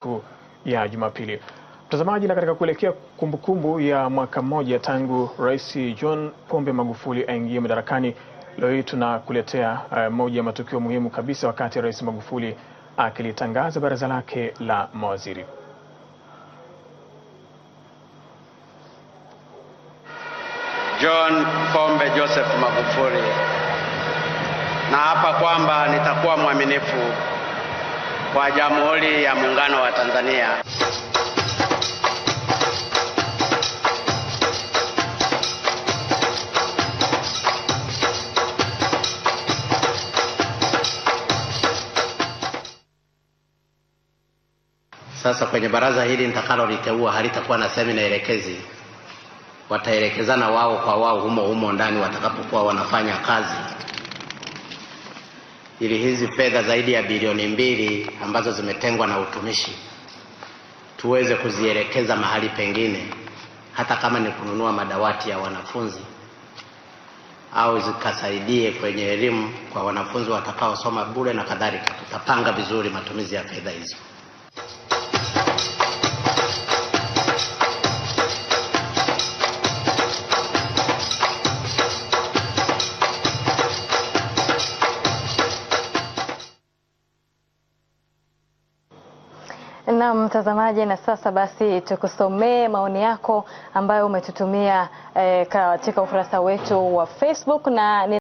Siku ya Jumapili, mtazamaji, na katika kuelekea kumbukumbu ya mwaka mmoja tangu Rais John Pombe Magufuli aingie madarakani, leo hii tunakuletea uh, moja ya matukio muhimu kabisa wakati Rais Magufuli akilitangaza baraza lake la mawaziri. John Pombe Joseph Magufuli, hapa kwamba nitakuwa mwaminifu kwa Jamhuri ya Muungano wa Tanzania. Sasa kwenye baraza hili nitakaloliteua halitakuwa na semina elekezi, wataelekezana wao kwa wao humo humo ndani watakapokuwa wanafanya kazi ili hizi fedha zaidi ya bilioni mbili ambazo zimetengwa na utumishi tuweze kuzielekeza mahali pengine, hata kama ni kununua madawati ya wanafunzi au zikasaidie kwenye elimu kwa wanafunzi watakaosoma bure na kadhalika. Tutapanga vizuri matumizi ya fedha hizo. Na mtazamaji, na sasa basi tukusomee maoni yako ambayo umetutumia eh, katika ukurasa wetu wa Facebook na